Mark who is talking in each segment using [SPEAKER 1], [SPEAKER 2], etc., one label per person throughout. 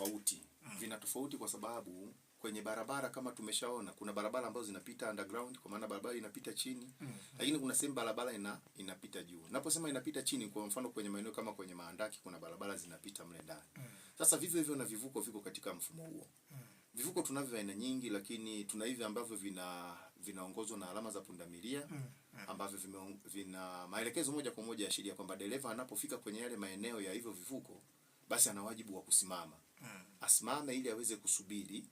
[SPEAKER 1] tofauti mm. vina tofauti kwa sababu kwenye barabara kama tumeshaona, kuna barabara ambazo zinapita underground, kwa maana barabara inapita chini mm. -hmm. lakini kuna sehemu barabara ina inapita juu. Naposema inapita chini, kwa mfano kwenye maeneo kama kwenye maandaki kuna barabara zinapita mle ndani mm. -hmm. Sasa vivyo hivyo na vivuko viko katika mfumo huo mm. -hmm. Vivuko tunavyo aina nyingi, lakini tuna hivi ambavyo vina vinaongozwa na alama za pundamilia mm. -hmm. ambavyo vime, vina maelekezo moja kwa moja ya sheria kwamba dereva anapofika kwenye yale maeneo ya hivyo vivuko, basi ana wajibu wa kusimama mm. asimame ili aweze kusubiri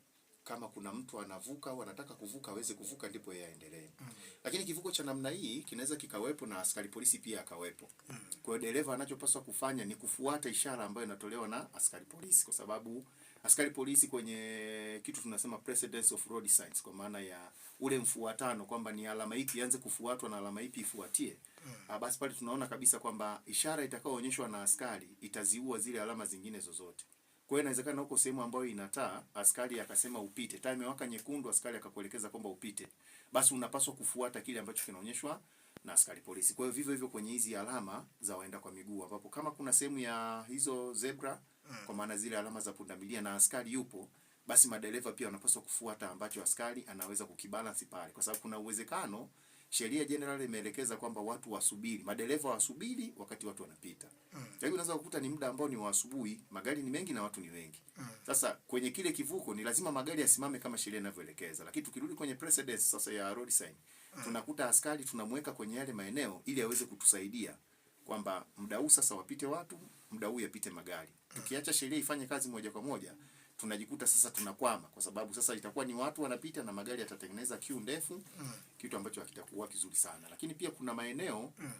[SPEAKER 1] kama kuna mtu anavuka au anataka kuvuka aweze kuvuka, ndipo yeye aendelee. mm. Lakini kivuko cha namna hii kinaweza kikawepo na askari polisi pia akawepo. mm. Kwa hiyo dereva anachopaswa kufanya ni kufuata ishara ambayo inatolewa na askari polisi, kwa sababu askari polisi kwenye kitu tunasema precedence of road signs, kwa maana ya ule mfuatano kwamba ni alama ipi ianze kufuatwa na alama ipi ifuatie. mm. Basi pale tunaona kabisa kwamba ishara itakayoonyeshwa na askari itaziua zile alama zingine zozote. Kwa hiyo inawezekana huko sehemu ambayo ina taa, askari akasema upite, taa imewaka nyekundu, askari akakuelekeza kwamba upite, basi unapaswa kufuata kile ambacho kinaonyeshwa na askari polisi. Kwa hiyo vivyo hivyo kwenye hizi alama za waenda kwa miguu, ambapo kama kuna sehemu ya hizo zebra, hmm. kwa maana zile alama za pundamilia na askari yupo, basi madereva pia wanapaswa kufuata ambacho askari anaweza kukibalansi pale, kwa sababu kuna uwezekano sheria general imeelekeza kwamba watu wasubiri, madereva wasubiri wakati watu wanapita. Mm. Kwa hiyo unaweza kukuta ni muda ambao ni wa asubuhi, magari ni mengi na watu ni wengi. Mm. Sasa kwenye kile kivuko ni lazima magari yasimame kama sheria inavyoelekeza. Lakini tukirudi kwenye precedence sasa ya road sign, mm. tunakuta askari tunamweka kwenye yale maeneo ili aweze kutusaidia kwamba muda huu sasa wapite watu, muda huu yapite magari. Mm. Tukiacha sheria ifanye kazi moja kwa moja, mm tunajikuta sasa tunakwama, kwa sababu sasa itakuwa ni watu wanapita na magari yatatengeneza kiu ndefu mm. kitu ambacho hakitakuwa kizuri sana, lakini pia kuna maeneo mm.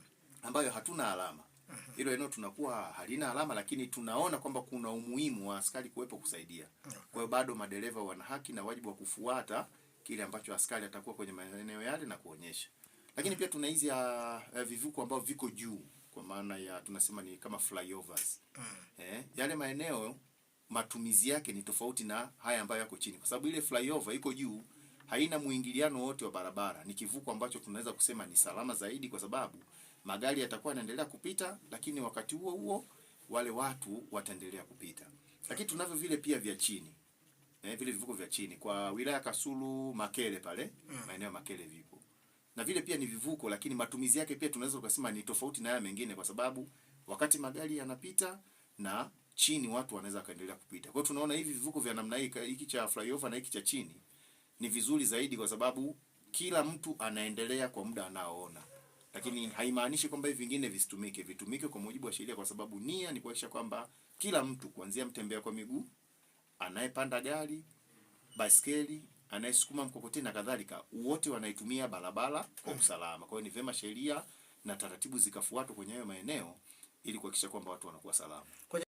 [SPEAKER 1] ambayo hatuna alama mm-hmm. hilo eneo tunakuwa halina alama, lakini tunaona kwamba kuna umuhimu wa askari kuwepo kusaidia. Kwa hiyo bado madereva wana haki na wajibu wa kufuata kile ambacho askari atakuwa kwenye maeneo yale na kuonyesha. Lakini pia tuna hizi eh, vivuko ambavyo viko juu, kwa maana ya tunasema ni kama flyovers mm. eh, yale maeneo matumizi yake ni tofauti na haya ambayo yako chini, kwa sababu ile flyover iko juu, haina muingiliano wote wa barabara. Ni kivuko ambacho tunaweza kusema ni salama zaidi, kwa sababu magari yatakuwa yanaendelea kupita, lakini wakati huo huo wale watu wataendelea kupita. Lakini tunavyo vile pia vya chini eh, vile vivuko vya chini kwa wilaya Kasulu, Makele pale mm. maeneo Makele vipo na vile pia ni vivuko, lakini matumizi yake pia tunaweza kusema ni tofauti na haya mengine, kwa sababu wakati magari yanapita na chini watu wanaweza kaendelea kupita. Kwa hiyo tunaona hivi vivuko vya namna hii, hiki cha flyover na hiki cha chini ni vizuri zaidi, kwa sababu kila mtu anaendelea kwa muda anaoona, lakini okay, haimaanishi kwamba hivi vingine visitumike. Vitumike kwa mujibu wa sheria, kwa sababu nia ni kuhakikisha kwamba kila mtu kuanzia mtembea kwa miguu, anayepanda gari, baiskeli, anayesukuma mkokoteni na kadhalika, wote wanaitumia barabara kwa usalama. Kwa hiyo ni vema sheria na taratibu zikafuatwa kwenye hayo maeneo ili kuhakikisha kwamba watu wanakuwa salama.